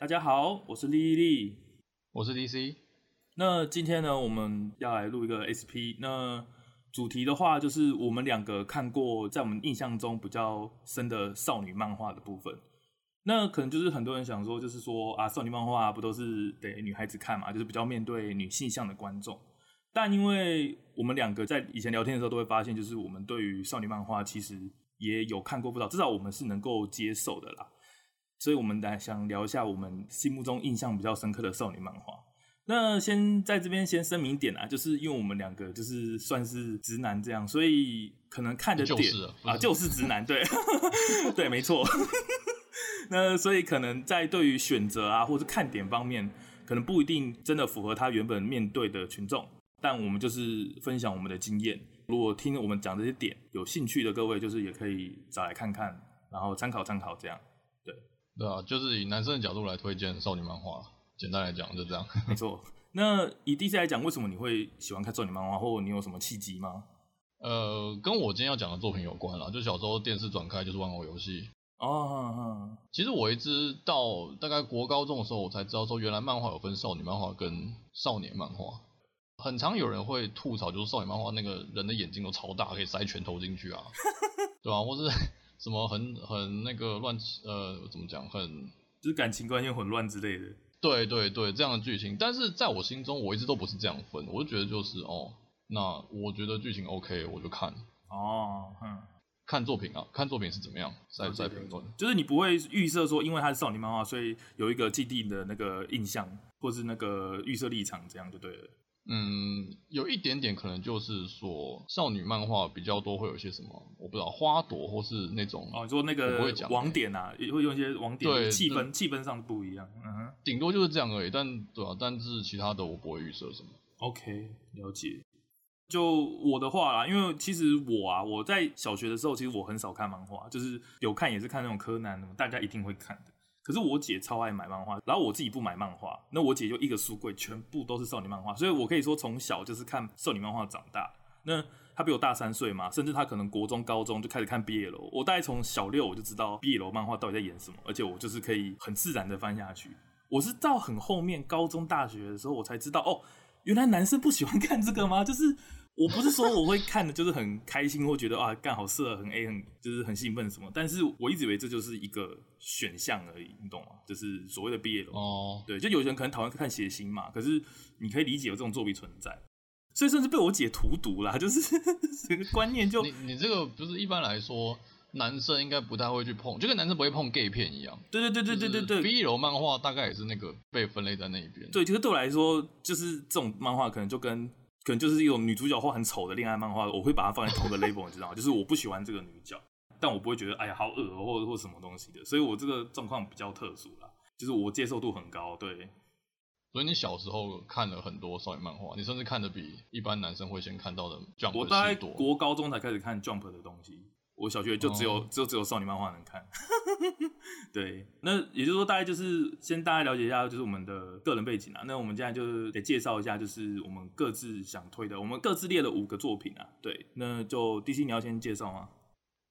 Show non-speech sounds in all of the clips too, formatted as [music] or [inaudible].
大家好，我是莉莉，我是 DC。那今天呢，我們要來錄一個 SP。那主題的話，就是我們兩個看過，在我們印象中比較深的少女漫畫的部分。那可能就是很多人想說，就是說啊，少女漫畫不都是給女孩子看嘛，就是比較面對女性向的觀眾。但因為我們兩個在以前聊天的時候，都會發現，就是我們對於少女漫畫其實也有看過不少，至少我們是能夠接受的啦。所以我們來想聊一下我們心目中印象比較深刻的少女漫畫。那先在這邊先聲明一點啊，就是因為我們兩個就是算是直男這樣，所以可能看的點就啊就是直男對 [laughs] 對沒錯。 [laughs] 那所以可能在對於選擇啊或者看點方面，可能不一定真的符合他原本面對的群眾，但我們就是分享我們的經驗。如果聽我們講這些點有興趣的各位，就是也可以找來看看，然後參考參考這樣對。對啊，就是以男生的角度來推薦少女漫畫，簡單來講就這樣。沒錯。那以 DZ 來講，為什麼你會喜歡看少女漫畫，或你有什麼契機嗎？呃，跟我今天要講的作品有關啦。就小時候電視轉開，就是玩偶遊戲哦。哦哦，其實我一直到大概國高中的時候，我才知道說原來漫畫有分少女漫畫跟少年漫畫。很常有人會吐槽，就是少女漫畫那個人的眼睛都超大，可以塞拳頭進去啊， [laughs] 對吧，啊？或是。 [laughs] 什麼很很那個亂，呃，怎麼講，很就是感情關係混亂之類的。對對對，這樣的劇情。但是在我心中，我一直都不是這樣分，我就覺得就是哦，那我覺得劇情 OK，我就看。哦，哼，看作品啊，看作品是怎麼樣，哦、對對對再再評論，就是你不會預設說，因為它是少女漫畫，所以有一個既定的那個印象，或是那個預設立場，這樣就對了。嗯，有一點點可能就是說，少女漫畫比較多，會有一些什麼我不知道，花朵或是那種哦，你說那個不會講網點啊，也會，會用一些網點，對氣氛、嗯、氣氛上不一樣，嗯哼，頂多就是這樣而已，但對啊、嗯，但是其他的我不會預設什麼。OK，了解。就我的話啦，因為其實我啊，我在小學的時候，其實我很少看漫畫，就是有看也是看那種柯南的，大家一定會看的。可是我姐超愛買漫畫，然後我自己不買漫畫，那我姐就一個書櫃全部都是少女漫畫，所以我可以說從小就是看少女漫畫長大。那她比我大三歲嘛，甚至她可能國中、高中就開始看《畢業樓》，我大概從小六我就知道《畢業樓》漫畫到底在演什麼，而且我就是可以很自然的翻下去。我是到很後面高中、大學的時候，我才知道哦，原來男生不喜歡看這個嗎？就是。 [laughs] 我不是說我會看的，就是很開心或覺得啊幹好色很 A，很就是很興奮什麼。但是我一直以為這就是一個選項而已，你懂嗎？就是所謂的 BL，哦，對，就有些人可能討厭看血腥嘛。可是你可以理解有這種作品存在，所以甚至被我姐荼毒啦，就是 [laughs] 個觀念，就你你這個不是一般來說男生應該不太會去碰，就跟男生不會碰 gay 片一樣。對對對對對對對，對，BL 漫畫大概也是那個被分類在那一邊。對，就是對我來說，就是這種漫畫可能就跟。可能就是一種女主角或很醜的戀愛漫畫，我會把它放在 top 的 label，你知道嗎？ [laughs] 就是我不喜歡這個女角，但我不會覺得哎呀好噁、喔、或者或什麼東西的，所以我這個狀況比較特殊啦，就是我接受度很高。對，所以你小時候看了很多少女漫畫，你甚至看的比一般男生會先看到的 jump 多。我大概國高中才開始看 jump 的東西。我小學就只有、嗯、就只有少女漫畫能看， [laughs] 對，那也就是說大概就是先大概了解一下就是我們的個人背景啊，那我們現在就是得介紹一下就是我們各自想推的，我們各自列了五個作品啊，對，那就 DC 你要先介紹嗎？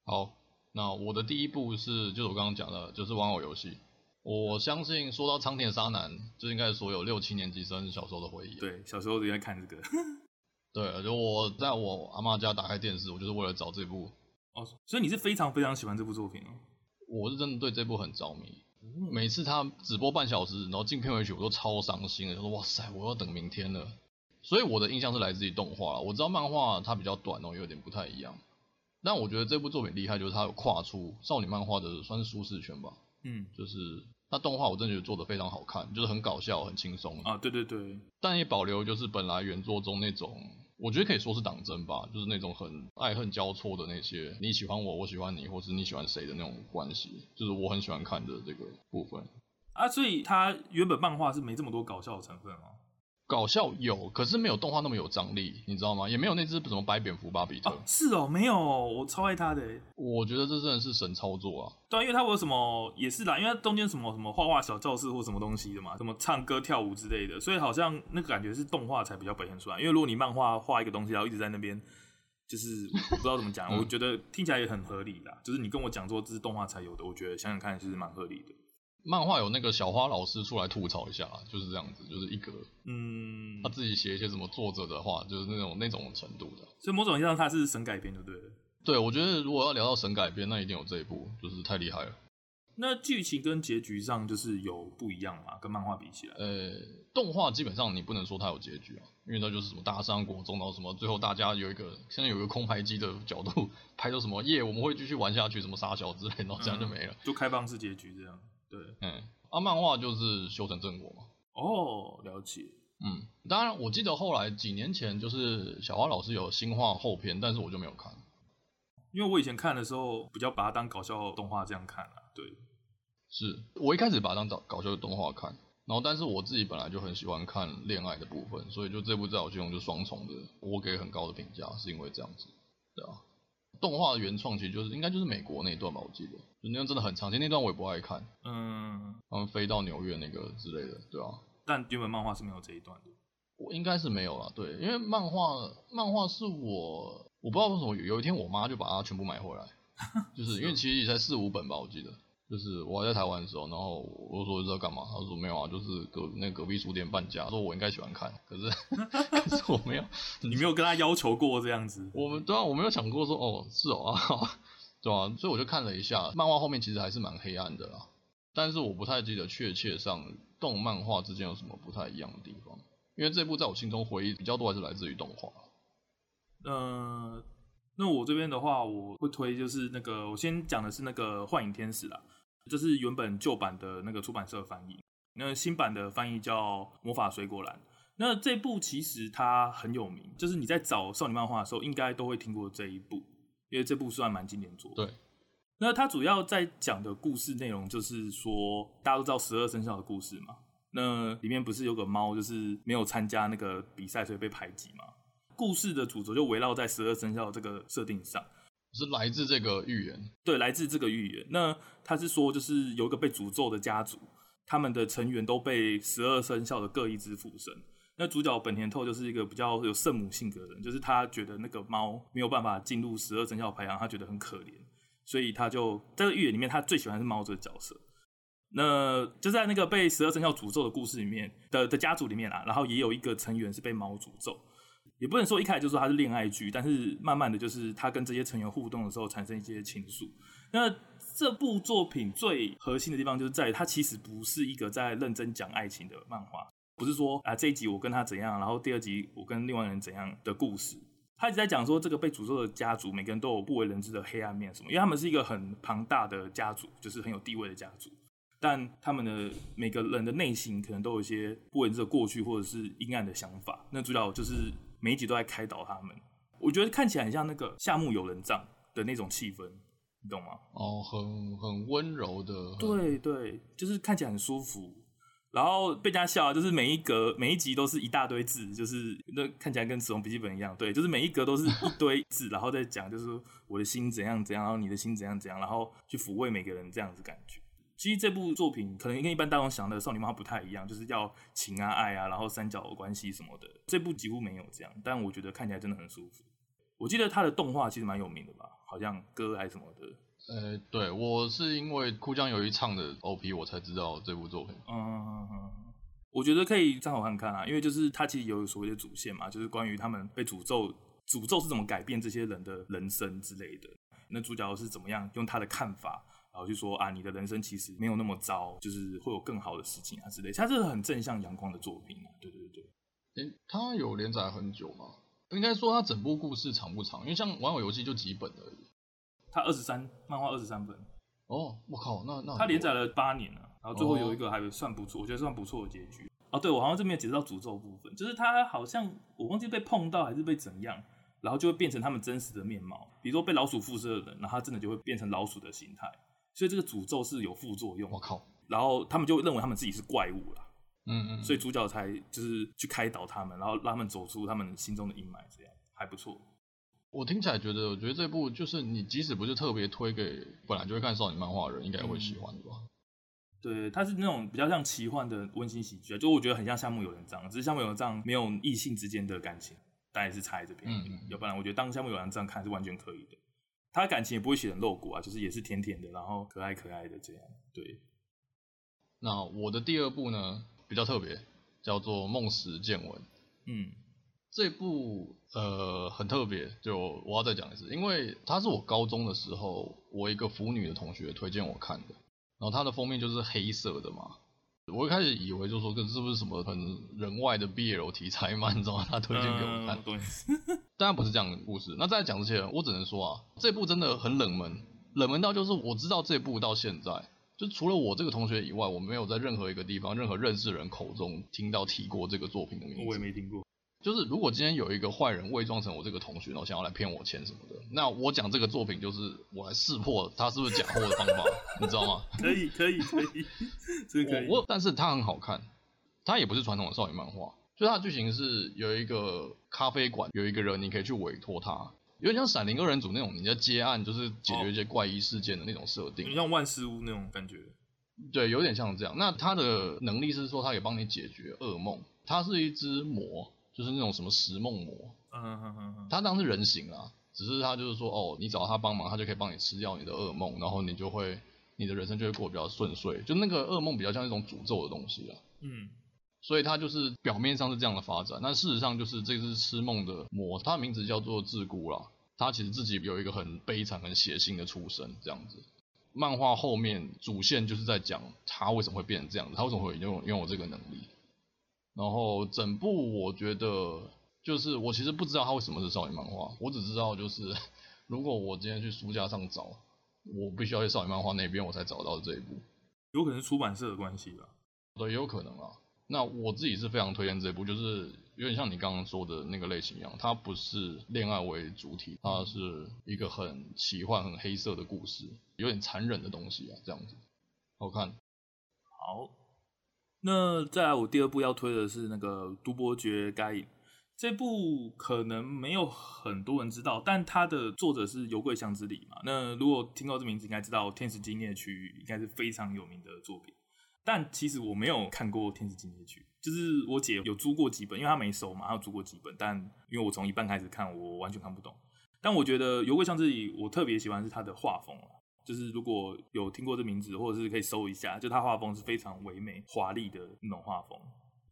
好，那我的第一部是就,剛剛就是我剛剛講的就是《玩偶遊戲》，我相信說到倉田紗南，就應該是所有六七年級生小時候的回憶，對，小時候都在看這個， [laughs] 對，而且我在我阿媽家打開電視，我就是為了找這部。所以你是非常非常喜歡這部作品哦，我是真的對這部很着迷，每次他直播半小時，然後進片尾曲我都超傷心的，就是、說哇塞，我要等明天了。所以我的印象是來自於動畫，我知道漫畫它比較短哦、喔，有點不太一樣。但我覺得這部作品厲害，就是它有跨出少女漫畫的算是舒適圈吧，嗯，就是它動畫我真的覺得做得非常好看，就是很搞笑，很輕鬆啊，對對對，但也保留就是本來原作中那種。我覺得可以說是黨爭吧，就是那種很愛恨交錯的那些，你喜歡我，我喜歡你，或者你喜歡誰的那種關係，就是我很喜歡看的這個部分。啊，所以他原本漫畫是沒這麼多搞笑的成分嗎？搞笑有，可是沒有動畫那麼有張力，你知道嗎？也沒有那隻什麼白蝙蝠巴比特。啊、是哦、喔，沒有，我超愛他的欸。我覺得這真的是神操作啊！對，因為它有什麼也是啦，因為它中間什麼什麼畫畫小教室或什麼東西的嘛，什麼唱歌跳舞之類的，所以好像那個感覺是動畫才比較表現出來。因為如果你漫畫畫一個東西，然後一直在那邊，就是我不知道怎麼講， [laughs] 我覺得聽起來也很合理啦，就是你跟我講說這是動畫才有的，我覺得想想看是蠻合理的。漫畫有那個小花老師出來吐槽一下，就是這樣子，就是一格嗯，他自己寫一些什麼作者的話，就是那種那種程度的。所以某種意義上，它是神改編，對不對？對，我覺得如果要聊到神改編，那一定有這一部，就是太厲害了。那劇情跟結局上就是有不一樣嘛，跟漫畫比起來？呃、欸，動畫基本上你不能說它有結局啊，因為那就是什麼大傷國中，中到什麼最後大家有一個現在有一個空拍機的角度拍到什麼、嗯、耶，我們會繼續玩下去，什麼殺小之類，然後這樣就沒了，就開放式結局這樣。對，嗯，阿、啊、漫畫就是修成正果嘛。哦，了解。嗯，當然，我記得後來幾年前就是小花老師有新畫後篇，但是我就沒有看，因為我以前看的時候比較把它當搞笑動畫這樣看了，啊。對，是我一開始把它當搞搞笑的動畫看，然後但是我自己本來就很喜歡看戀愛的部分，所以就這部在我心中就雙重的，我給很高的評價，是因為這樣子，對啊。動畫的原創其實就是應該就是美國那一段吧，我記得就那段真的很長，其實那段我也不愛看，嗯，他們飛到紐約那個之類的，對啊，但原本漫畫是沒有這一段的，我應該是沒有啦，對，因為漫畫漫畫是我我不知道為什麼有一天我媽就把它全部買回來， [laughs] 就是因為其實也才四五本吧，我記得。就是我在台灣的時候，然後我就說不知道幹嘛？他說沒有啊，就是隔那個、隔壁書店半價。說我應該喜歡看，可是 [laughs] [laughs] 可是我沒有，你沒有跟他要求過這樣子？我們對啊，我沒有想過說哦，是哦啊， [laughs] 對啊，所以我就看了一下漫畫，後面其實還是蠻黑暗的啦。但是我不太記得確切上動漫畫之間有什麼不太一樣的地方，因為這部在我心中回憶比較多還是來自於動畫。嗯、呃，那我這邊的話，我會推就是那個我先講的是那個幻影天使啦。就是原本舊版的那個出版社翻譯，那新版的翻譯叫《魔法水果籃》。那這部其實它很有名，就是你在找少女漫畫的時候，應該都會聽過這一部，因為這部算蠻經典作。對。那它主要在講的故事內容，就是說大家都知道十二生肖的故事嘛，那裡面不是有個貓，就是沒有參加那個比賽，所以被排擠嘛。故事的主軸就圍繞在十二生肖這個設定上。是來自這個預言，對，來自這個預言。那他是說，就是有一個被詛咒的家族，他們的成員都被十二生肖的各一隻附身。那主角本田透就是一個比較有聖母性格的人，就是他覺得那個貓沒有辦法進入十二生肖排行，他覺得很可憐，所以他就在這預言裡面，他最喜歡的是貓這個角色。那就在那個被十二生肖詛咒的故事裡面的的家族裡面啊，然後也有一個成員是被貓詛咒。也不能說一開始就說他是戀愛劇，但是慢慢的就是他跟這些成員互動的時候產生一些情愫。那這部作品最核心的地方就是在於他其實不是一個在認真講愛情的漫畫，不是說啊，這一集我跟他怎樣，然後第二集我跟另外人怎樣的故事。他一直在講說，這個被詛咒的家族，每個人都有不為人知的黑暗面什麼，因為他們是一個很龐大的家族，就是很有地位的家族，但他們的每個人的內心可能都有一些不為人知的過去或者是陰暗的想法。那主要就是。每一集都在開導他們，我覺得看起來很像那個《夏目友人帳》的那種氣氛，你懂嗎？哦、oh,，很很溫柔的，對對，就是看起來很舒服。然後被人家笑、啊，就是每一格每一集都是一大堆字，就是那看起來跟死亡筆記本一樣，對，就是每一格都是一堆字， [laughs] 然後再講，就是我的心怎樣怎樣，然後你的心怎樣怎樣，然後去撫慰每個人這樣子感覺。其實這部作品可能跟一般大眾想的少女漫畫不太一樣，就是要情啊、愛啊，然後三角關係什麼的。這部幾乎沒有這樣，但我覺得看起來真的很舒服。我記得他的動畫其實蠻有名的吧，好像歌還是什麼的。呃、欸，對，我是因為哭江游一唱的 OP 我才知道這部作品嗯嗯。嗯，我覺得可以站好看看啊，因為就是他其實有所謂的主線嘛，就是關於他們被詛咒，詛咒是怎麼改變這些人的人生之類的。那主角是怎麼樣用他的看法？然後就說啊，你的人生其實沒有那麼糟，就是會有更好的事情啊之類的。它是很正向陽光的作品對、啊、對對對。它、欸、有連載很久嗎？應該說它整部故事長不長？因為像玩偶遊戲就幾本而已。它二十三漫畫二十三本。哦，我靠，那那它連載了八年了、啊，然後最後有一個還算不錯，哦、我覺得算不錯的結局。哦，對，我好像這邊也解釋到詛咒部分，就是它好像我忘記被碰到還是被怎樣，然後就會變成他們真實的面貌。比如說被老鼠附身的人，然後他真的就會變成老鼠的形態。所以這個詛咒是有副作用。我靠！然後他們就認為他們自己是怪物了。嗯嗯。所以主角才就是去開導他們，然後讓他們走出他們心中的陰霾，這樣還不錯。我聽起來覺得，我覺得這部就是你即使不是特別推給本來就會看少女漫畫的人，嗯、應該會喜歡的吧。對，他是那種比較像奇幻的溫馨喜劇，就我覺得很像《夏目友人帳》，只是《夏目友人帳》沒有異性之間的感情，但也是差在這邊。嗯。要不然，我覺得當《夏目友人帳》看是完全可以的。他的感情也不會寫很露骨啊，就是也是甜甜的，然後可愛可愛的這樣。對。那我的第二部呢，比較特別，叫做《夢喰見聞》。嗯。這部呃很特別，就我要再講一次，因為它是我高中的時候，我一個腐女的同學推薦我看的。然後它的封面就是黑色的嘛，我一開始以為就說這是不是什麼很人外的 BL 題材嘛？你知道嗎？他推薦給我看。嗯嗯、對。 [laughs] 當然不是這樣的故事。那在講之前，我只能說啊，這部真的很冷門，冷門到就是我知道這部到現在，就除了我這個同學以外，我沒有在任何一個地方、任何認識人口中聽到提過這個作品的名字。我也沒聽過。就是如果今天有一個壞人偽裝成我這個同學，然後想要來騙我錢什麼的，那我講這個作品就是我來識破他是不是假貨的方法， [laughs] 你知道嗎？可以，可以，可以，真的可以。我，但是他很好看，他也不是傳統的少女漫畫。就他的劇情是有一個咖啡館，有一個人你可以去委托他，有點像《閃靈》二人組那種，你在接案就是解決一些怪異事件的那種設定，你、哦、像《萬事屋》那種感覺，對，有點像這樣。那他的能力是說，他可以幫你解決噩夢，他是一隻魔，就是那種什麼食夢魔，嗯哼哼哼，啊啊啊、他當時是人形啊，只是他就是說，哦，你找他幫忙，他就可以幫你吃掉你的噩夢，然後你就會，你的人生就會過得比較順遂，就那個噩夢比較像一種詛咒的東西啊，嗯。所以他就是表面上是這樣的發展，但事實上就是這只、個、吃夢的魔，他的名字叫做自孤啦。他其實自己有一個很悲慘、很血腥的出身，這樣子。漫畫後面主線就是在講他為什麼會變成這樣子，他為什麼會擁有擁有這個能力。然後整部我覺得就是我其實不知道他為什麼是少女漫畫，我只知道就是如果我今天去書架上找，我必須要去少女漫畫那邊我才找到這一部。有可能是出版社的關係吧？對，也有可能啊。那我自己是非常推薦這一部，就是有點像你剛剛說的那個類型一樣，它不是戀愛為主體，它是一個很奇幻、很黑色的故事，有點殘忍的東西啊，這樣子，好看。好，那再來我第二部要推的是那個《毒伯爵該隱》這部可能沒有很多人知道，但它的作者是由貴香織里嘛。那如果聽過這名字，應該知道《天使禁獵區》應該是非常有名的作品。但其實我沒有看過《天使禁獵區》，就是我姐有租過幾本，因為她沒收嘛，她有租過幾本。但因為我從一半開始看，我完全看不懂。但我覺得《由貴》香織里，我特別喜歡是她的畫風啦，就是如果有聽過這名字，或者是可以搜一下，就她畫風是非常唯美、華麗的那種畫風。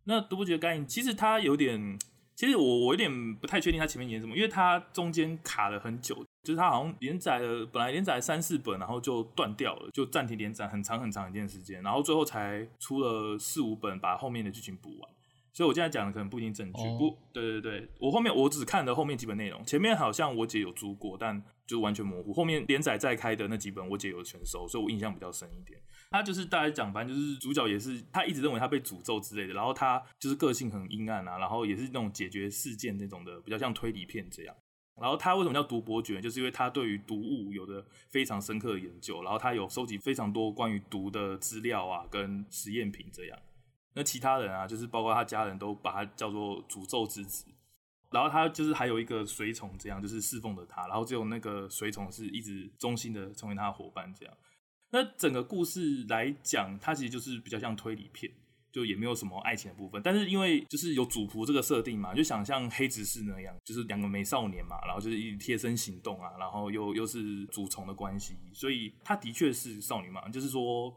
那《毒伯爵該隱》，其實它有點，其實我我有點不太確定它前面演什麼，因為它中間卡了很久。就是他好像連載了，本來連載三四本，然後就斷掉了，就暫停連載很長很長一段時間，然後最後才出了四五本，把後面的劇情補完。所以我現在講的可能不一定正確。Oh. 不，對對對，我後面我只看了後面幾本內容，前面好像我姐有租過，但就完全模糊。後面連載再開的那幾本，我姐有全收，所以我印象比較深一點。他就是大家講，反正就是主角也是他一直認為他被詛咒之類的，然後他就是個性很陰暗啊，然後也是那種解決事件那種的，比較像推理片這樣。然後他為什麼叫毒伯爵？就是因為他對於毒物有著非常深刻的研究，然後他有收集非常多關於毒的資料啊，跟實驗品這樣。那其他人啊，就是包括他家人都把他叫做詛咒之子。然後他就是還有一個隨從這樣，就是侍奉着他。然後只有那個隨從是一直忠心的成為他的夥伴這樣。那整個故事來講，它其實就是比較像推理片。就也沒有什麼愛情的部分，但是因為就是有主僕這個設定嘛，就想像黑執事那樣，就是兩個美少年嘛，然後就是一貼身行動啊，然後又又是主從的關係，所以他的確是少女嘛，就是說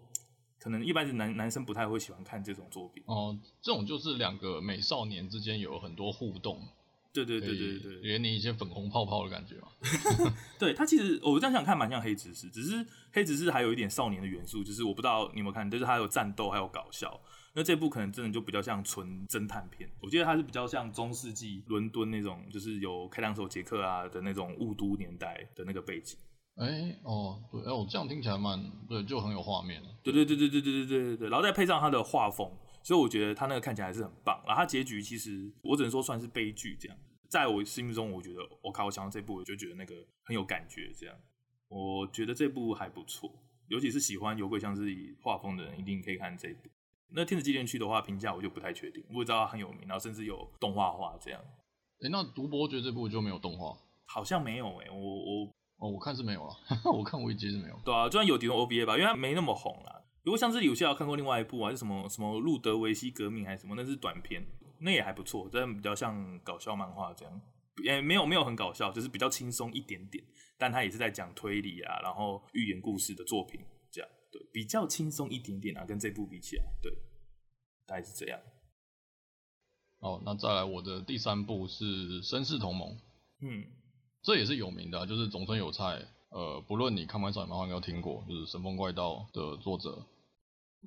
可能一般是男男生不太會喜歡看這種作品哦、嗯。這種就是兩個美少年之間有很多互動，對，對對對對對，給你以前粉紅泡泡的感覺嘛。 [laughs] [laughs] 對他其實我這樣想看蠻像黑執事，只是黑執事還有一點少年的元素，就是我不知道你有沒有看，就是他有戰鬥，還有搞笑。那這部可能真的就比較像純偵探片，我覺得它是比較像中世紀倫敦那種，就是有開膛手傑克啊的那種霧都年代的那個背景。哎、欸，哦，對，哎、欸，我這樣聽起來蠻對，就很有畫面。對對對對對對對對對對。然後再配上它的畫風，所以我覺得它那個看起來還是很棒。然後它結局其實我只能說算是悲劇這樣，在我心目中，我覺得我靠，OK，我想到這部我就覺得那個很有感覺這樣。我覺得這部還不錯，尤其是喜歡由貴香織里畫風的人，一定可以看這一部。那天使禁獵區的話，評價我就不太確定。我不知道，它很有名，然後甚至有動畫化這樣。哎、欸，那毒伯爵》這部就沒有動畫，好像沒有哎、欸。我我哦，我看是沒有了。 [laughs] 我看我一直是沒有。對啊，就算有提倫 OVA 吧，因為它沒那麼紅啦。如果像這裡有些要看過另外一部啊，啊是什麼什麼路德維希革命還是什麼，那是短片，那也還不錯，真的比較像搞笑漫畫這樣。也、欸、沒有沒有很搞笑，就是比較輕鬆一點點。但它也是在講推理啊，然後寓言故事的作品。對，比較輕鬆一點點啊，跟這部比起來，對，大概是這樣。好，那再來我的第三部是《紳士同盟》，嗯，這也是有名的，啊，就是種村有菜，呃，不論你看完少也蠻好，應該聽過，就是《神風怪盜》的作者。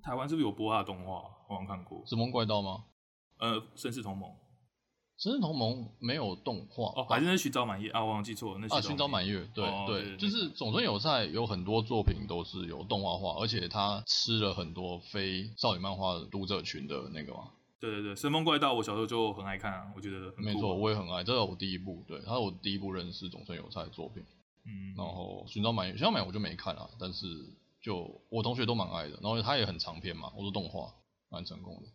台灣是不是有播他的動畫？我好像看過《神風怪盜》嗎？呃，《紳士同盟》。紳士同盟沒有動畫哦，反正但、啊、是尋找滿月啊？我忘記錯了，那啊，尋找滿月，對對，就是種村有菜有很多作品都是有動畫化，對對對，而且他吃了很多非少女漫畫讀者群的那個嘛。對對對，神風怪盜我小時候就很愛看啊，我覺得沒錯，我也很愛，這個、是我第一部，對，他是我第一部認識種村有菜的作品。嗯，然後尋找滿月，尋找滿月我就沒看啊，但是就我同學都蠻愛的，然後他也很長篇嘛，我說動畫，蠻成功的。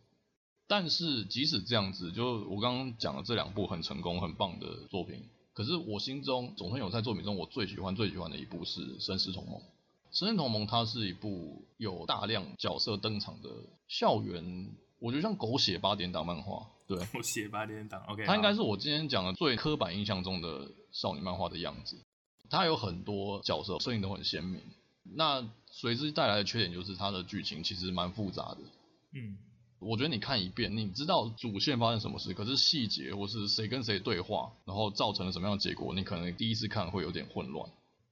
但是即使這樣子，就我剛剛講的這兩部很成功、很棒的作品，可是我心中總算有在作品中我最喜歡、最喜歡的一部是《紳士同盟》。《紳士同盟》它是一部有大量角色登場的校園，我覺得像狗血八點檔漫畫。對，狗血八點檔。OK，它應該是我今天講的最刻板印象中的少女漫畫的樣子。它有很多角色，設定都很鮮明。那隨之帶來的缺點就是它的劇情其實蠻複雜的。嗯。我覺得你看一遍，你知道主線發生什麼事，可是細節或是誰跟誰對話，然後造成了什麼樣的結果，你可能第一次看會有點混亂。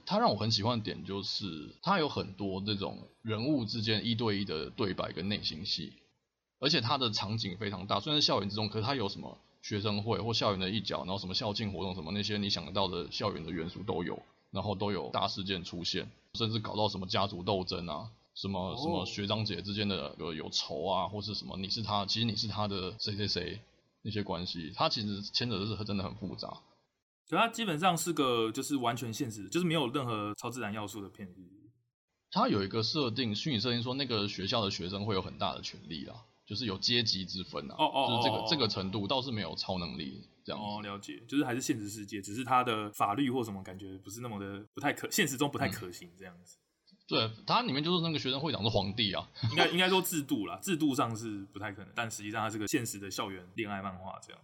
他讓我很喜歡的點就是，他有很多這種人物之間一對一的對白跟內心戲，而且他的場景非常大，雖然是校園之中，可是他有什麼學生會或校園的一角，然後什麼校慶活動，什麼那些你想得到的校園的元素都有，然後都有大事件出現，甚至搞到什麼家族鬥爭啊。什麼什麼學長姐之間的有有仇啊，或是什麼？你是他，其實你是他的誰誰誰那些關係，他其實牽扯的是真的很複雜。所以他基本上是個就是完全現實，就是沒有任何超自然要素的片子。他有一個設定，虛擬設定說那個學校的學生會有很大的權利啦，就是有階級之分啊。哦哦,哦,哦,哦,哦,哦，就是這個這個程度倒是沒有超能力這樣子。嗯、哦，了解，就是還是現實世界，只是他的法律或什麼感覺不是那麼的不太可，現實中不太可行這樣子。嗯對，它裡面就是那個學生會長是皇帝啊，應該應該說制度啦， [laughs] 制度上是不太可能，但實際上它是個現實的校園戀愛漫畫這樣。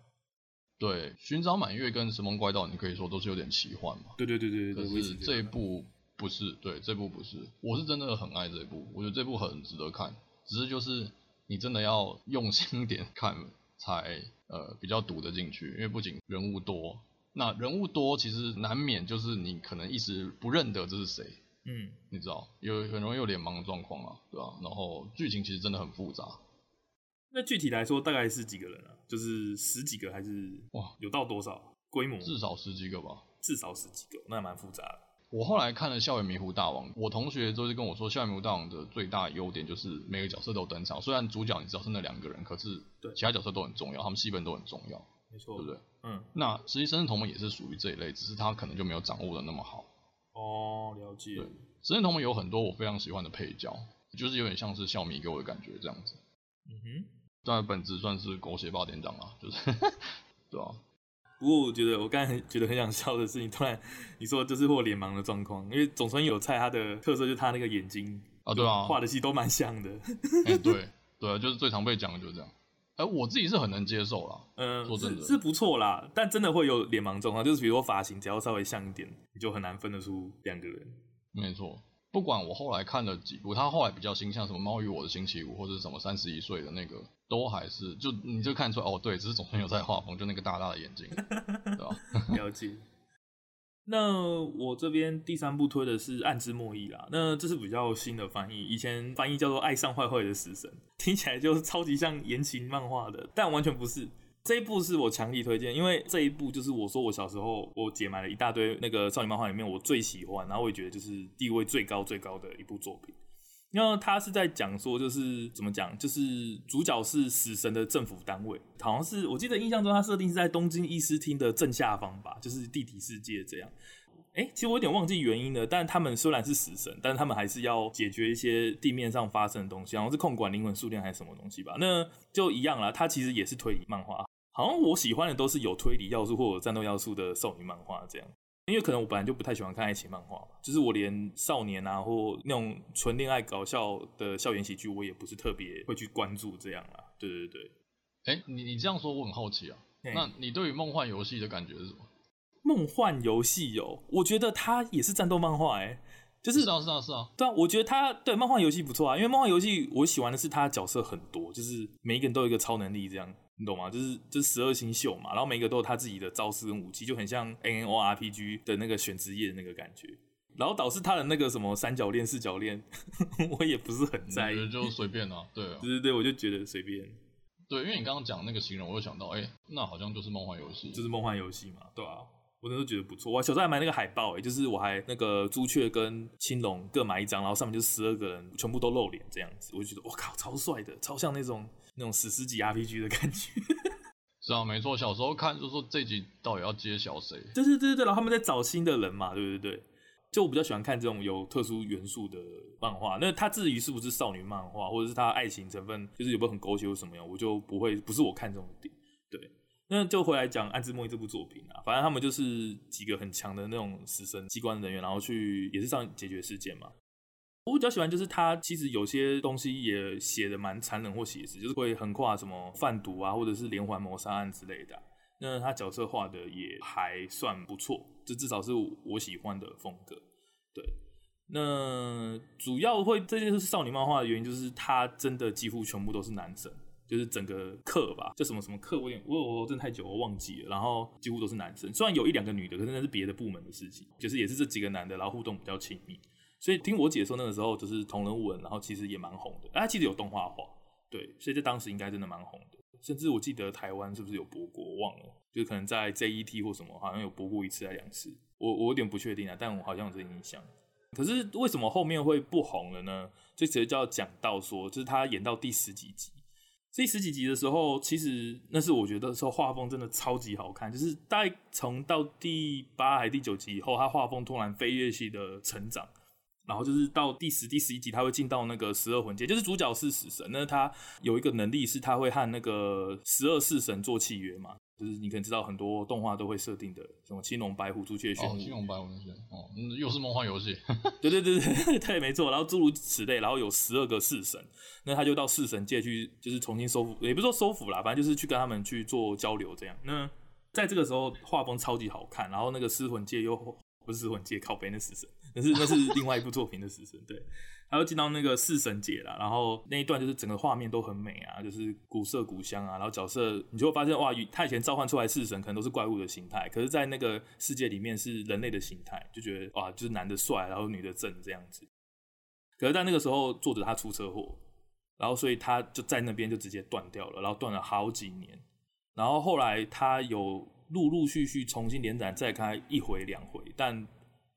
對《尋找滿月》跟《神風怪盜》，你可以說都是有點奇幻嘛。對，對對對對對。可是這一部不是，對這部不是，我是真的很愛這部，我覺得這部很值得看，只是就是你真的要用心點看才呃比較讀得進去，因為不僅人物多，那人物多其實難免就是你可能一時不認得這是誰。嗯，你知道有很容易有臉盲的狀況啊，對吧？然後劇情其實真的很複雜。那具體來說大概是幾個人啊？就是十幾個還是哇？有到多少規模？至少十幾個吧。至少十幾個，那蠻複雜的。我後來看了《校園迷糊大王》，嗯，我同學就是跟我說，《校園迷糊大王》的最大優點就是每個角色都登場。雖然主角你知道是那兩個人，可是對其他角色都很重要，他們戲份都很重要，沒錯，對不對？嗯。那實際《紳士同盟》也是屬於這一類，只是他可能就沒有掌握的那麼好。哦，了解。對，紳士同盟有很多我非常喜歡的配角，就是有點像是笑迷給我的感覺這樣子。嗯哼，但本質算是狗血八點檔啊，就是， [laughs] 對啊。不過我覺得我剛才覺得很想笑的是，你突然你說就是我臉盲的狀況，因為種村有菜，他的特色就是他那個眼睛啊，對啊，畫的戲都蠻像的。對、 [laughs] 欸、對，對啊，就是最常被講的就是這樣。我自己是很能接受啦。嗯，說真的是，是不錯啦，但真的會有臉盲症啊，就是比如說髮型只要稍微像一點，你就很難分得出兩個人。沒錯，不管我後來看了幾部，他後來比較傾向什麼《貓與我的星期五》或者是什麼三十一歲的那個，都還是就你就看出來哦。對，只是總算有在畫風，就那個大大的眼睛， [laughs] 對吧、啊？了解。那我這邊第三部推的是《闇之末裔》啦，那這是比較新的翻譯，以前翻譯叫做《愛上壞壞的死神》，聽起來就是超級像言情漫畫的，但完全不是。這一部是我強力推薦，因為這一部就是我說我小時候我姐買了一大堆那個少女漫畫裡面我最喜歡，然後我也覺得就是地位最高最高的一部作品。因為他是在講說，就是怎麼講，就是主角是死神的政府單位，好像是我記得印象中他設定是在東京議事廳的正下方吧，就是地底世界這樣。哎，其實我有點忘記原因了。但是他們雖然是死神，但是他們還是要解決一些地面上發生的東西，好像是控管靈魂數量還是什麼東西吧。那就一樣啦，它其實也是推理漫畫。好像我喜歡的都是有推理要素或者戰鬥要素的少女漫畫這樣。因為可能我本來就不太喜歡看愛情漫畫，就是我連少年啊，或那種純戀愛搞笑的校園喜劇，我也不是特別會去關注這樣啊。對對對，哎、欸，你你這樣說，我很好奇啊。欸、那你對於夢幻遊戲的感覺是什麼？夢幻遊戲有、哦，我覺得它也是戰鬥漫畫、欸，哎，就是是啊是啊是啊。是啊是啊對啊，我覺得它對夢幻遊戲不錯啊，因為夢幻遊戲我喜歡的是它角色很多，就是每一個人都有一個超能力這樣。你懂嗎？就是就是十二星宿嘛，然後每個都有他自己的招式跟武器，就很像 N N O R P G 的那個選職業的那個感覺，然後導致他的那個什麼三角戀、四角戀， [laughs] 我也不是很在意，覺得就隨便啊，對了，對就是對，我就覺得隨便，對，因為你剛剛講那個形容，我又想到，哎、欸，那好像就是夢幻遊戲，就是夢幻遊戲嘛，對啊。我那時候覺得不錯，哇，小時候還買那個海報、欸，哎，就是我還那個朱雀跟青龍各買一張，然後上面就十二個人全部都露臉這樣子，我就覺得我靠，超帥的，超像那種。那種史詩級 RPG 的感覺， [laughs] 是啊，沒錯。小時候看就說，這集到底要揭曉誰？對對對對對，然後他們在找新的人嘛，對不對？對。就我比較喜歡看這種有特殊元素的漫畫。那他至於是不是少女漫畫，或者是他愛情成分，就是有沒有很狗血或什麼樣，我就不會，不是我看中的點。對。那就回來講《闇之末裔》這部作品啊，反正他們就是幾個很強的那種死神機關人員，然後去也是上解決事件嘛。我比較喜歡，就是他其實有些東西也寫的蠻殘忍或寫實，就是會橫跨什麼販毒啊，或者是連環謀殺案之類的。那他角色畫的也還算不錯，這至少是我喜歡的風格。對，那主要會這些是少女漫畫的原因，就是他真的幾乎全部都是男生，就是整個課吧，叫什麼什麼課，我有點我我、哦哦、真太久我、哦、忘記了。然後幾乎都是男生，雖然有一兩個女的，可是那是別的部門的事情，就是也是這幾個男的，然後互動比較親密。所以聽我姐說，那個時候就是同人文，然後其實也蠻紅的。哎，其實有動畫化，對，所以在當時應該真的蠻紅的。甚至我記得台灣是不是有播過，忘了，就是可能在 JET 或什麼，好像有播過一次還兩次。我我有點不確定啊，但我好像有這印象。可是為什麼後面會不紅了呢？這其實就要講到說，就是他演到第十幾集，第十幾集的時候，其實那是我覺得說畫風真的超級好看，就是大概從到第八還第九集以後，他畫風突然飛躍式的成長。然後就是到第十、第十一集，他會進到那個十二魂界，就是主角是死神，那他有一個能力是他會和那個十二式神做契約嘛，就是你可能知道很多動畫都會設定的，什麼青龍、白虎、朱雀、玄武、哦。青龍、白虎、朱雀，哦，哦、嗯，又是夢幻遊戲。對 [laughs] 對對對，他也沒錯，然後諸如此類，然後有十二個式神，那他就到式神界去，就是重新收服，也不是說收服啦，反正就是去跟他們去做交流這樣。那在這個時候畫風超級好看，然後那個屍魂界又不是屍魂界，靠北那死神。 [laughs] 那是那是另外一部作品的《死神》，對，他又進到那個四神節了，然後那一段就是整個畫面都很美啊，就是古色古香啊，然後角色你就會發現哇，他以前召喚出來的四神可能都是怪物的形態，可是在那個世界裡面是人類的形態，就覺得哇，就是男的帥，然後女的正這樣子。可是，在那個時候，作者他出車禍，然後所以他就在那邊就直接斷掉了，然後斷了好幾年，然後後來他有陸陸續續重新連載，再開一回、兩回，但。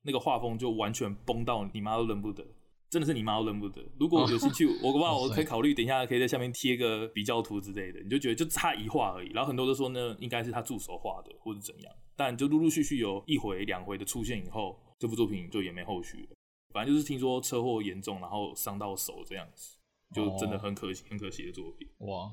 那個畫風就完全崩到你媽都認不得，真的是你媽都認不得。如果有興趣，oh. 我恐怕我可以考慮，等一下可以在下面貼個比較圖之類的。你就覺得就差一畫而已，然後很多都說呢，應該是他助手畫的或者怎樣。但就陸陸續續有一回兩回的出現以後，這幅作品就也沒後續了。反正就是聽說車禍嚴重，然後傷到手這樣子，就真的很可惜，oh. 很可惜的作品。哇，Wow.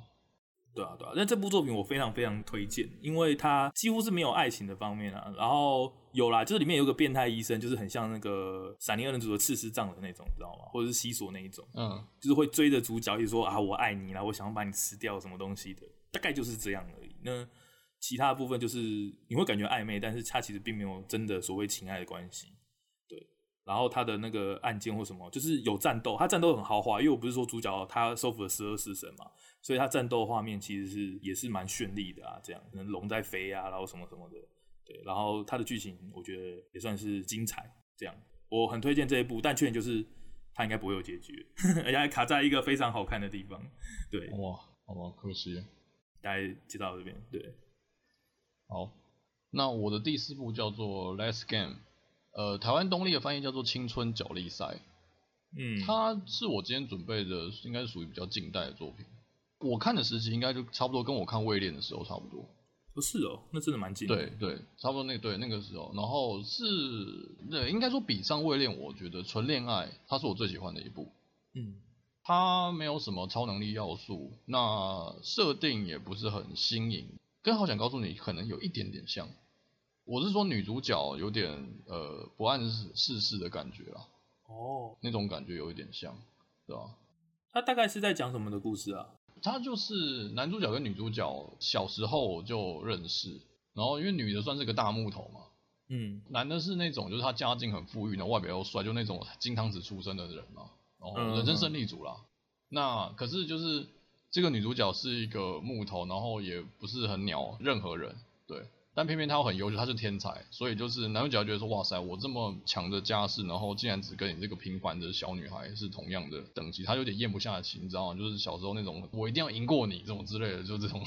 對啊對啊，但這部作品我非常非常推薦，因為它幾乎是沒有愛情的方面啊，然後。有啦，就是裡面有個變態醫生，就是很像那個《閃靈二人組》的赤屍藏人的那種，你知道嗎？或者是西索那一種，嗯，就是會追着主角一直，去說啊“我愛你”啦，我想要把你吃掉什麼東西的，大概就是這樣而已。那其他部分就是你會感覺曖昧，但是他其實並沒有真的所謂情愛的關係。對，然後他的那個案件或什麼，就是有戰鬥，他戰鬥很豪華，因為我不是說主角他收服了十二式神嘛，所以他戰鬥畫面其實是也是蠻絢麗的啊，這樣，可能龍在飛啊，然後什麼什麼的。對，然後它的劇情我覺得也算是精彩，這樣，我很推薦這一部，但缺點就是它應該不會有結局呵呵，而且還卡在一個非常好看的地方。對，哇，好吧，可惜，大家接到這邊。對，好，那我的第四部叫做《Last Game》，呃，臺灣東立的翻譯叫做《青春角力賽》。嗯，它是我今天準備的，應該是屬於比較近代的作品。我看的時期應該就差不多跟我看《衛練》的時候差不多。不、哦、是哦，那真的蠻近的。對對，差不多那個、對那個時候，然後是，對，應該說比上位戀，我覺得純戀愛，它是我最喜歡的一部。嗯，它沒有什麼超能力要素，那設定也不是很新穎。跟好想告訴你，可能有一點點像，我是說女主角有點呃不諳世事，事的感覺啦。哦，那種感覺有一點像，對吧？它大概是在講什麼的故事啊？他就是男主角跟女主角小時候就認識，然後因為女的算是個大木頭嘛，嗯，男的是那種就是他家境很富裕然後外表又帥，就那種金湯匙出身的人嘛，然後人生勝利組啦。嗯嗯，那可是就是這個女主角是一個木頭，然後也不是很鳥任何人，對。但偏偏他又很優秀，他是天才，所以就是男主角覺得說：“哇塞，我這麼強的家世，然後竟然只跟你這個平凡的小女孩是同樣的等級，他有點咽不下去，你知道嗎？就是小時候那種我一定要贏過你這種之類的，就這種，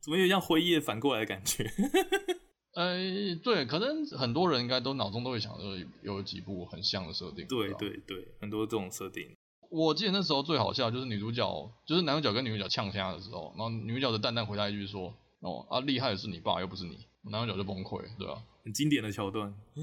怎麼有點像輝夜反過來的感覺？呃、 [laughs] 欸，對，可能很多人應該都腦中都會想說，有幾部很像的設定，對對對，很多這種設定。我記得那時候最好笑就是女主角，就是男主角跟女主角嗆瞎的時候，然後女主角就淡淡回答一句說：哦啊，厲害的是你爸，又不是你。”男主角就崩潰，對吧、啊？很經典的橋段， [laughs]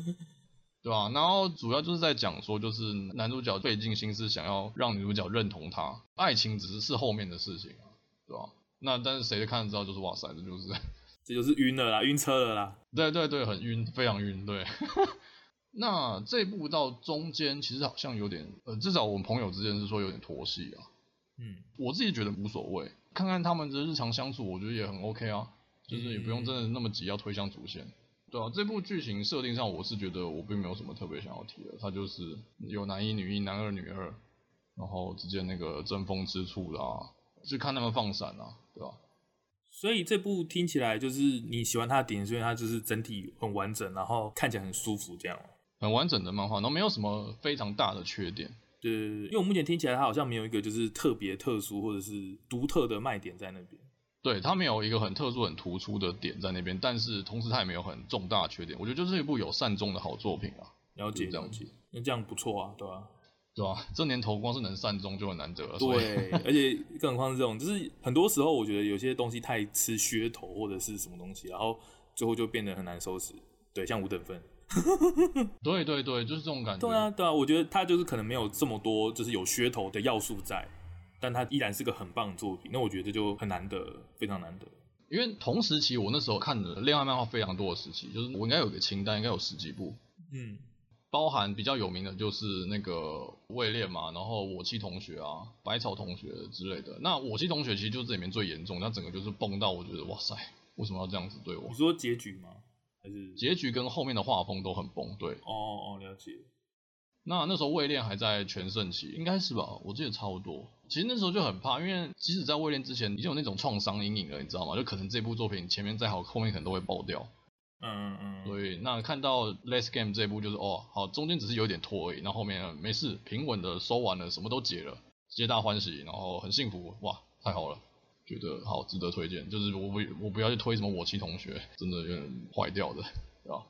對吧、啊？然後主要就是在講說，就是男主角費盡心思想要讓女主角認同他，愛情只是是後面的事情、啊，對吧、啊？那但是誰都看得到，就是哇塞，這就，就是 [laughs] 這就是暈了啦，暈車了啦，對對對，很暈，非常暈。對， [laughs] 那這一部到中間其實好像有點，呃，至少我們朋友之間是說有點拖戲啊。嗯，我自己覺得無所謂，看看他們的日常相處，我覺得也很 OK 啊。就是也不用真的那麼急要推向主線，對啊，這部劇情設定上我是覺得我並沒有什麼特別想要提的，它就是有男一女一男二女二，然後之間那個爭風吃醋的啊，就看他們放閃啊，對吧、啊？所以這部聽起來就是你喜歡它的點，所以它就是整體很完整，然後看起來很舒服這樣，很完整的漫畫，然後沒有什麼非常大的缺點。對，因為我目前聽起來它好像沒有一個就是特別特殊或者是獨特的賣點在那邊。對，它沒有一個很特殊、很突出的點在那邊，但是同時它也沒有很重大缺點。我覺得就是一部有善終的好作品啊。了解，這樣子了解，那這樣不錯啊，對吧、啊？對啊，這年頭光是能善終就很難得了。對，以而且更何況是這種，就是很多時候我覺得有些東西太吃噱頭或者是什麼東西，然後最後就變得很難收拾。對，像五等分， [laughs] 對對對，就是這種感覺。對啊，對啊，我覺得它就是可能沒有這麼多，就是有噱頭的要素在。但它依然是個很棒的作品，那我覺得就很難得，非常難得。因為同時期我那時候看的戀愛漫畫非常多的時期，就是我應該有個清單，應該有十幾部，嗯，包含比較有名的就是那個未戀嘛，然後我妻同學啊、百草同學之類的。那我妻同學其實就是這裡面最嚴重，那整個就是崩到我覺得哇塞，為什麼要這樣子對我？你說結局嗎？還是結局跟後面的畫風都很崩？對。哦哦，了解。那那時候位練還在全盛期，應該是吧？我記得超多。其實那時候就很怕，因為即使在位練之前，已經有那種創傷陰影了，你知道嗎？就可能這部作品前面再好，後面可能都會爆掉。嗯嗯。嗯。所以那看到《Last Game》這部就是哦，好，中間只是有點拖而已，然後後面沒事，平穩的收完了，什麼都解了，皆大歡喜，然後很幸福，哇，太好了，覺得好值得推薦。就是我不，我不要去推什麼我妻同學，真的有點壞掉的，對吧？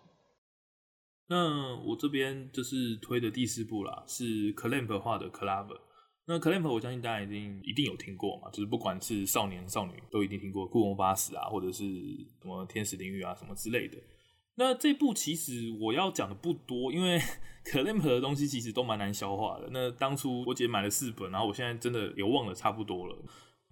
那我這邊就是推的第四部啦，是 Clamp 畫的《Clover》。那 Clamp 我相信大家已經一定有聽過嘛，就是不管是少年少女都一定聽過《庫洛魔法使》啊，或者是什麼《天使領域》啊什麼之類的。那這部其實我要講的不多，因為 Clamp 的東西其實都蠻難消化的。那當初我姐買了四本，然後我現在真的也忘了差不多了。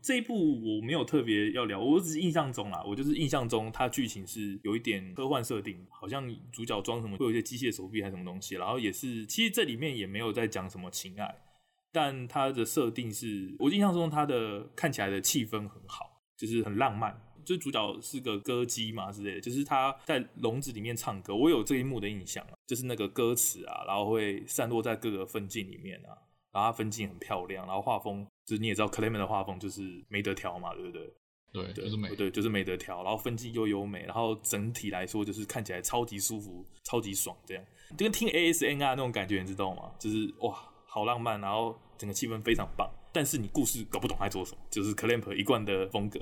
這一部我沒有特別要聊，我只是印象中啦，我就是印象中它劇情是有一點科幻設定，好像主角裝什麼會有一些機械手臂還是什麼東西，然後也是其實這裡面也沒有在講什麼情愛，但它的設定是，我印象中它的看起來的氣氛很好，就是很浪漫，就是主角是個歌姬嘛之類的，就是他在籠子裡面唱歌，我有這一幕的印象，就是那個歌詞啊，然後會散落在各個分鏡裡面啊，然後分鏡很漂亮，然後畫風。就是你也知道 CLAMP 的畫風就是沒得挑嘛，對不對？對，就是對，就是沒得挑。然後分鏡又優美，然後整體來說就是看起來超級舒服、超級爽，這樣就跟聽 ASMR 那種感覺，你知道嗎？就是哇，好浪漫，然後整個氣氛非常棒。但是你故事搞不懂在做什麼，就是 CLAMP 一貫的風格。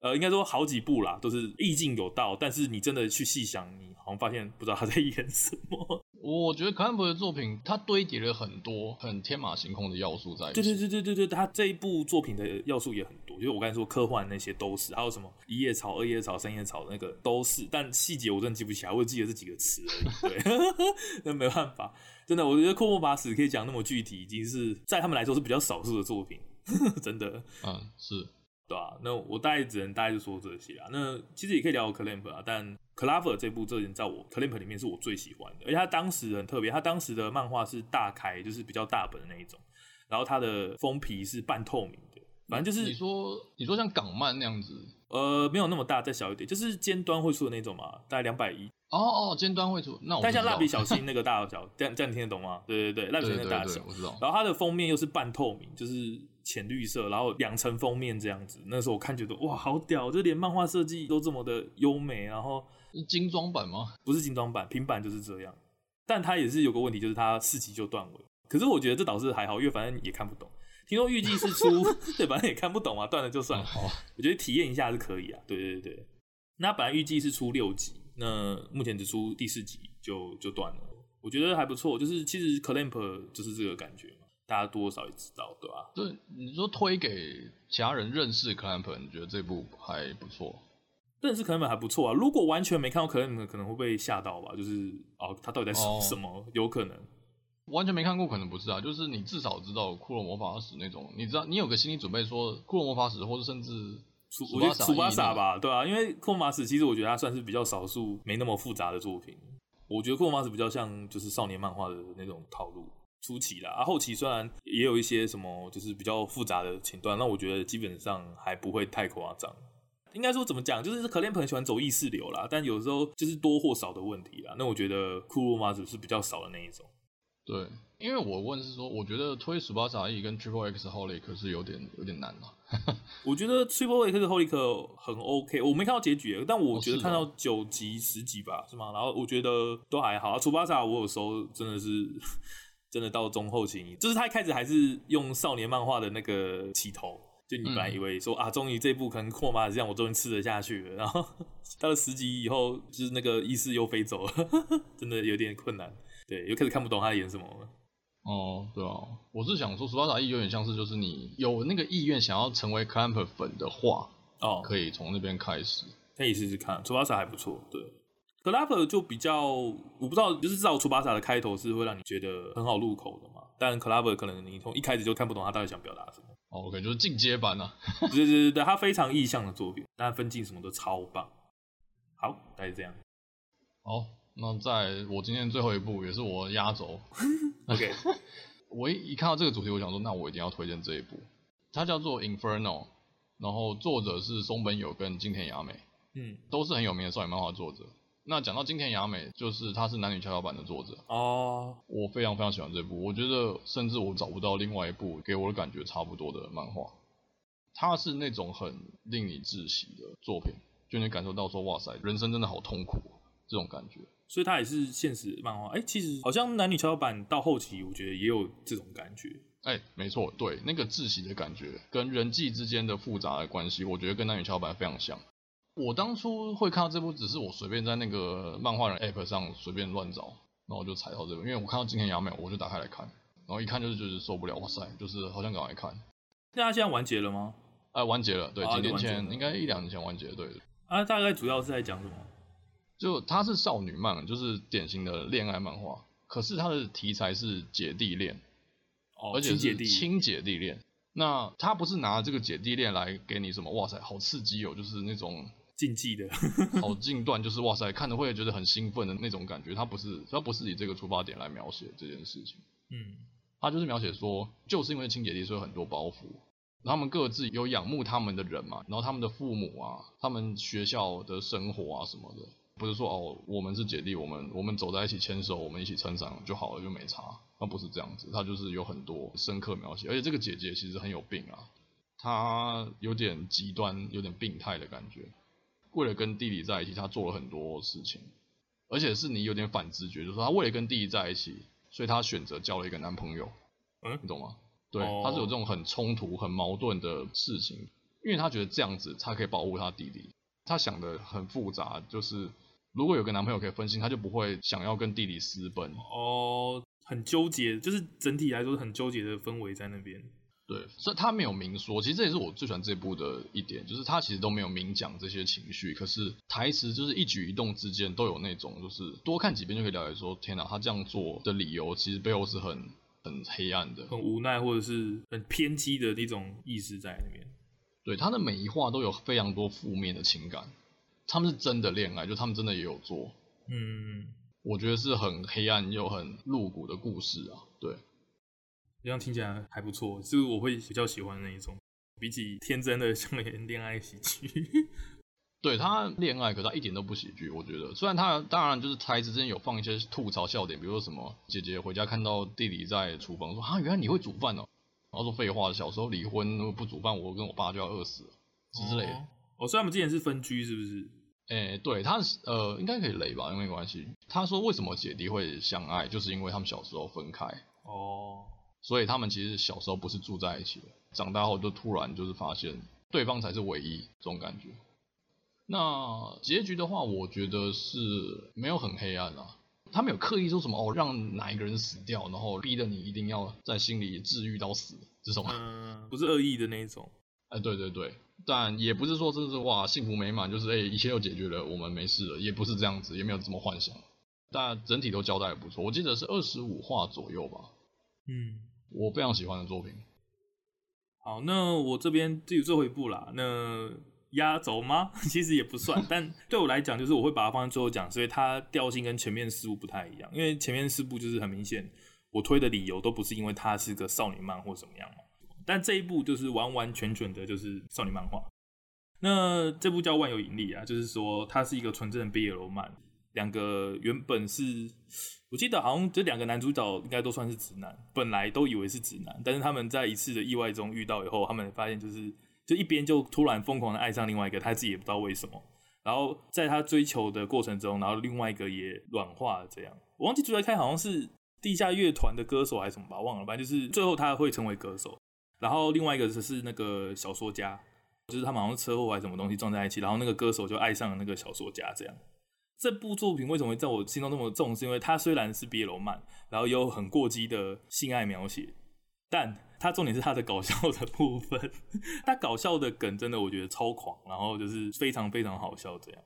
呃，應該說好幾部啦，都是意境有道，但是你真的去細想，你好像發現不知道他在演什麼。我覺得坎普的作品，他堆疊了很多很天馬行空的要素在一起。對對對對對對，他這一部作品的要素也很多，就是、我剛才說科幻那些都是，還有什麼一葉草、二葉草、三葉草那個都是，但細節我真的記不起來，我只記得這幾個詞而已。對，那 [laughs] [laughs] 沒辦法，真的，我覺得《庫莫法史》可以講那麼具體，已經是在他們來說是比較少數的作品， [laughs] 真的。嗯，是。對吧、啊，那我大概只能大概就說這些啦。那其實也可以聊《CLAMP》啊，但《Clover》這部這部在我《CLAMP》裡面是我最喜歡的，而且他當時很特別，他當時的漫畫是大開，就是比較大本的那一種，然後他的封皮是半透明的，反正就是、嗯、你說你說像港漫那樣子，呃，沒有那麼大，再小一點，就是尖端會出的那種嘛，大概兩百一。哦哦，尖端會出那我。但像蠟筆小新那個大小， [laughs] 這樣這樣你聽得懂嗎？對對對，蠟筆小新那個大小，對對對對我知道。然後它的封面又是半透明，就是。淺綠色，然後兩層封面這樣子。那時候我看覺得哇，好屌！就連漫畫設計都這麼的優美。然後是精裝版嗎？不是精裝版，平板就是這樣。但它也是有個問題，就是它四集就斷尾。可是我覺得這倒是還好，因為反正也看不懂。聽說預計是出， [laughs] 對，反正也看不懂啊，斷了就算好，我覺得體驗一下是可以啊。對對對，對，那本來預計是出六集，那目前只出第四集就就斷了。我覺得還不錯，就是其實 clamp 就是這個感覺。大家多少也知道，對吧？對，你說推給其他人認識 Clamp，你覺得這部還不錯？認識 Clamp 還不錯啊。如果完全沒看過 Clamp，可能會被嚇到吧？就是啊、哦，他到底在說什麼？哦、有可能完全沒看過，可能不是啊。就是你至少知道《庫洛魔法使》那種，你知道，你有個心理準備，說《庫洛魔法使》，或者甚至 TSUBASA 吧，麼對吧、啊？因為《庫洛魔法使》其實我覺得他算是比較少數沒那麼複雜的作品。我覺得《庫洛魔法使》比較像就是少年漫畫的那種套路。初期啦，啊，後期雖然也有一些什麼，就是比較複雜的情段，那我覺得基本上還不會太誇張。應該說怎麼講，就是 CLAMP 喜歡走意識流啦，但有時候就是多或少的問題啦。那我覺得庫洛馬祖是比較少的那一種。對，因為我問是說，我覺得推鼠巴扎翼跟 Triple X Holic 是有點有點難了。 [laughs] 我覺得 Triple X Holic 很 OK，我沒看到結局，但我覺得看到九集十集吧，哦、是，是嗎？然後我覺得都還好啊。鼠巴扎我有時候真的是。 [laughs] 真的到中後期，就是他一開始還是用少年漫畫的那個起頭，就你本來以為說、嗯、啊，終於這部可能擴洛這樣，我終於吃得下去了。然後到了十集以後，就是那個意識又飛走了，呵呵，真的有點困難。對，又開始看不懂他演什麼了。哦，對啊，我是想說，《楚巴薩》一有點像是就是你有那個意願想要成為《Clamp》粉的話，哦，可以從那邊開始，可以試試看，《楚巴薩》還不錯，對。Clover 就比較，我不知道，就是知道出巴薩的開頭是會讓你覺得很好入口的嘛？但 Clover 可能你從一開始就看不懂他到底想表達什麼哦，oh, okay, 就是進階版啊， [laughs] 對對對，他非常意象的作品，但分鏡什麼都超棒。好，大概這樣。好，oh, 那在我今天最後一部也是我壓軸。 [laughs] OK， [laughs] 我一一看到這個主題，我想說，那我一定要推薦這一部，它叫做 Inferno，然後作者是松本友跟金田雅美，嗯，都是很有名的少女漫畫作者。那講到今天雅，雅美就是他是男女蹺蹺板的作者啊、oh. 我非常非常喜歡這部，我覺得甚至我找不到另外一部給我的感覺差不多的漫畫。他是那種很令你窒息的作品，就能感受到說哇塞，人生真的好痛苦、啊、這種感覺。所以他也是現實漫畫。哎、欸，其實好像男女蹺蹺板到後期，我覺得也有這種感覺。哎、欸，沒錯，對，那個窒息的感覺跟人際之間的複雜的關係，我覺得跟男女蹺蹺板非常像。我當初會看到這部，只是我隨便在那個漫畫的 app 上隨便亂找，然後就踩到這部，因為我看到《今天亞美》，我就打開來看，然後一看就是就是受不了，哇塞，就是好像趕快看。那它現在完結了嗎？哎、欸，完結了，對，啊、幾年前應該一兩年前完結，對的。啊，大概主要是在講什麼？就他是少女漫，就是典型的戀愛漫畫，可是他的題材是姐弟戀，哦、而且是姐弟，親姐弟戀。那他不是拿這個姐弟戀來給你什麼？哇塞，好刺激哦，就是那種。禁忌的好、 [laughs] 哦、禁斷就是哇塞，看了會覺得很興奮的那種感覺。他不是，他不是以這個出發點來描寫這件事情。嗯，他就是描寫說，就是因為親姐弟，所以很多包袱，他們各自有仰慕他們的人嘛，然後他們的父母啊，他們學校的生活啊什麼的，不是說哦，我們是姐弟，我們我們走在一起牽手，我們一起成長就好了，就沒差。他不是這樣子，他就是有很多深刻描寫，而且這個姐姐其實很有病啊，她有點極端，有點病態的感覺。為了跟弟弟在一起，她做了很多事情，而且是你有點反直覺，就是說她為了跟弟弟在一起，所以她選擇交了一個男朋友，嗯、欸，你懂嗎？對，她是、哦、有這種很衝突、很矛盾的事情，因為她覺得這樣子她可以保護她弟弟，她想得很複雜，就是如果有個男朋友可以分心，她就不會想要跟弟弟私奔。哦，很糾結，就是整體來說很糾結的氛圍在那邊。對，所以他沒有明說，其實這也是我最喜歡這部的一點，就是他其實都沒有明講這些情緒，可是台詞就是一舉一動之間都有那種，就是多看幾遍就可以了解說天哪，他這樣做的理由其實背後是很很黑暗的，很無奈或者是很偏激的那種意思在裡面。對，他的每一話都有非常多負面的情感，他們是真的戀愛，就他們真的也有做。嗯，我覺得是很黑暗又很露骨的故事啊，對。這樣聽起來還不錯，就是，是我會比較喜歡的那一種，比起天真的像戀愛喜劇。對他戀愛，可他一點都不喜劇。我覺得，雖然他當然就是台詞之間有放一些吐槽笑點，比如說什麼姐姐回家看到弟弟在廚房說啊，原來你會煮飯哦、啊，然後說廢話，小時候離婚如果不煮飯，我跟我爸就要餓死了之類的哦。哦，雖然我們之前是分居，是不是？哎、欸，對他呃，應該可以雷吧，都沒關係。他說，為什麼姐弟會相愛，就是因為他們小時候分開。哦。所以他們其實小時候不是住在一起的，長大後就突然就是發現對方才是唯一這種感覺。那結局的話，我覺得是沒有很黑暗啊，他沒有刻意說什麼哦讓哪一個人死掉，然後逼得你一定要在心裡治癒到死這種、呃，不是惡意的那一種。哎，欸，對對對，但也不是說這是哇幸福美滿，就是哎、欸、一切又解決了，我們沒事了，也不是這樣子，也沒有這麼幻想。但整體都交代不錯，我記得是二十五話左右吧，嗯。我非常喜歡的作品。好，那我這邊就有最後一部啦。那壓軸嗎？其實也不算， [laughs] 但對我來講，就是我會把它放在最後講，所以它調性跟前面四部不太一樣。因為前面四部就是很明顯，我推的理由都不是因為它是個少女漫或什麼樣嘛。但這一部就是完完全全的就是少女漫畫。那這部叫《萬有引力》啊，就是說它是一個純正的 BL 漫。兩個原本是我記得好像這兩個男主角應該都算是直男，本來都以為是直男，但是他們在一次的意外中遇到以後，他們發現就是就一邊就突然瘋狂的愛上另外一個，他自己也不知道為什麼。然後在他追求的過程中，然後另外一個也軟化了。這樣我忘記出來看，好像是地下樂團的歌手還是什麼吧，忘了。反正就是最後他會成為歌手，然後另外一個就是那個小說家，就是他們好像車禍還是什麼東西撞在一起，然後那個歌手就愛上了那個小說家這樣。這部作品為什麼會在我心中那麼重，是因為它雖然是 BL 漫，然後有很過激的性愛描寫，但它重點是它的搞笑的部分呵呵。它搞笑的梗真的我覺得超狂，然後就是非常非常好笑這樣。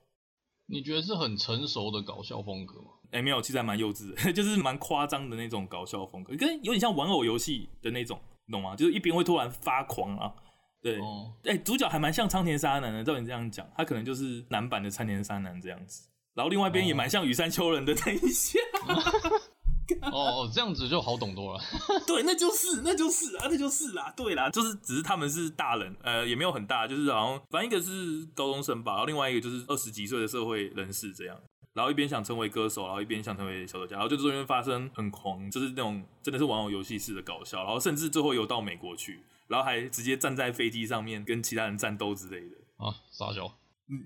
你覺得是很成熟的搞笑風格嗎？哎，沒有，其實還蠻幼稚的，就是蠻誇張的那種搞笑風格，跟有點像玩偶遊戲的那種，你懂嗎？就是一邊會突然發狂啊，對，哎、哦，主角還蠻像倉田紗南的，照你這樣講，他可能就是男版的倉田紗南這樣子。然後另外一邊也蠻像羽山秋人的，嗯、那一下，嗯、 [laughs] 哦，這樣子就好懂多了。對，那就是，那就是啊，那就是啦、啊，對啦，就是，只是他們是大人，呃，也沒有很大，就是好像，反正一個是高中生吧，然後另外一個就是二十幾歲的社會人士這樣。然後一邊想成為歌手，然後一邊想成為小說家，然後就中間發生很狂，就是那種真的是玩偶遊戲式的搞笑，然後甚至最後又到美國去，然後還直接站在飛機上面跟其他人戰鬥之類的啊，傻笑。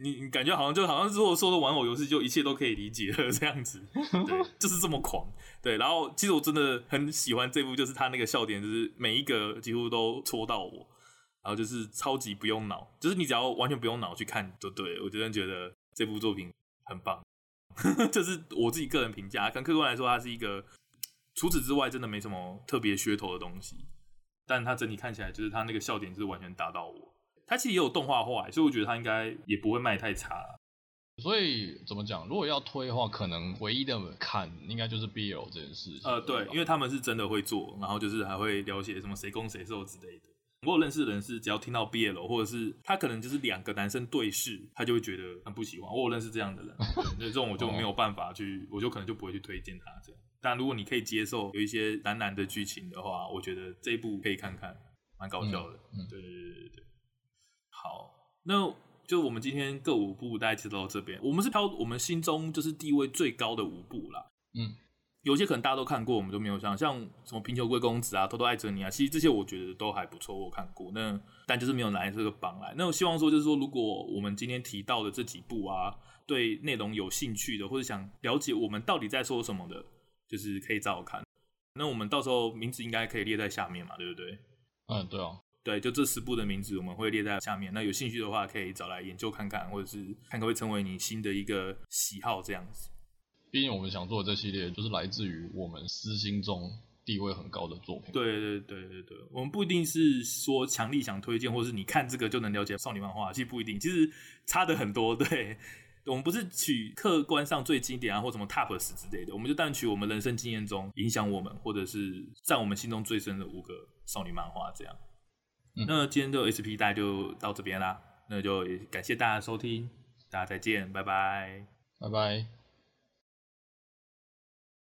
你你感覺好像就好像之後說的玩偶遊戲，就一切都可以理解了這樣子，對，就是這麼狂，對。然後其實我真的很喜歡這部，就是他那個笑點，就是每一個幾乎都戳到我，然後就是超級不用腦，就是你只要完全不用腦去看就對。我真的覺得這部作品很棒，就是我自己個人評價。跟客觀來說，它是一個除此之外真的沒什麼特別噱頭的東西，但它整體看起來就是它那個笑點，就是完全打到我。.它其實也有動畫化，所以我覺得他應該也不會賣得太差。所以怎麼講？如果要推的話，可能唯一的坎應該就是 BL 這件事情。呃，對，吧對，因為他們是真的會做，然後就是還會了解什麼誰攻誰受之類的。我有認識的人是，只要聽到 BL 或者是他可能就是兩個男生對視，他就會覺得很不喜歡。我有認識這樣的人，所以這種我就沒有辦法去， [laughs] 我就可能就不會去推薦他這樣。但如果你可以接受有一些男男的劇情的話，我覺得這一部可以看看，蠻搞笑的。嗯，對，對對對。好，那就我們今天各五部，大家知道這邊，我們是挑我們心中就是地位最高的五部啦。嗯，有些可能大家都看過，我們都沒有像像什麼《貧窮貴公子》啊，《偷偷愛着你》啊，其實這些我覺得都還不錯，我看過。那但就是沒有來這個榜來。那我希望說，就是說，如果我們今天提到的這幾部啊，對內容有興趣的，或者想了解我們到底在說什麼的，就是可以找我看。那我們到時候名字應該可以列在下面嘛，對不對？嗯，對哦、啊。對，就這十部的名字，我們會列在下面。那有興趣的話，可以找來研究看看，或者是看看會成為你新的一個喜好這樣子。畢竟我們想做的這系列，就是來自於我們私心中地位很高的作品。對，對對對對對，我們不一定是說強力想推薦，或是你看這個就能了解少女漫畫，其實不一定。其實差的很多。對，我們不是取客觀上最經典啊，或什麼 top 十之類的，我們就單取我們人生經驗中影響我們，或者是在我們心中最深的五個少女漫畫這樣。嗯、那今天這個 SP 大家就到這邊啦，那就也感謝大家收聽，大家再見，拜拜，拜拜。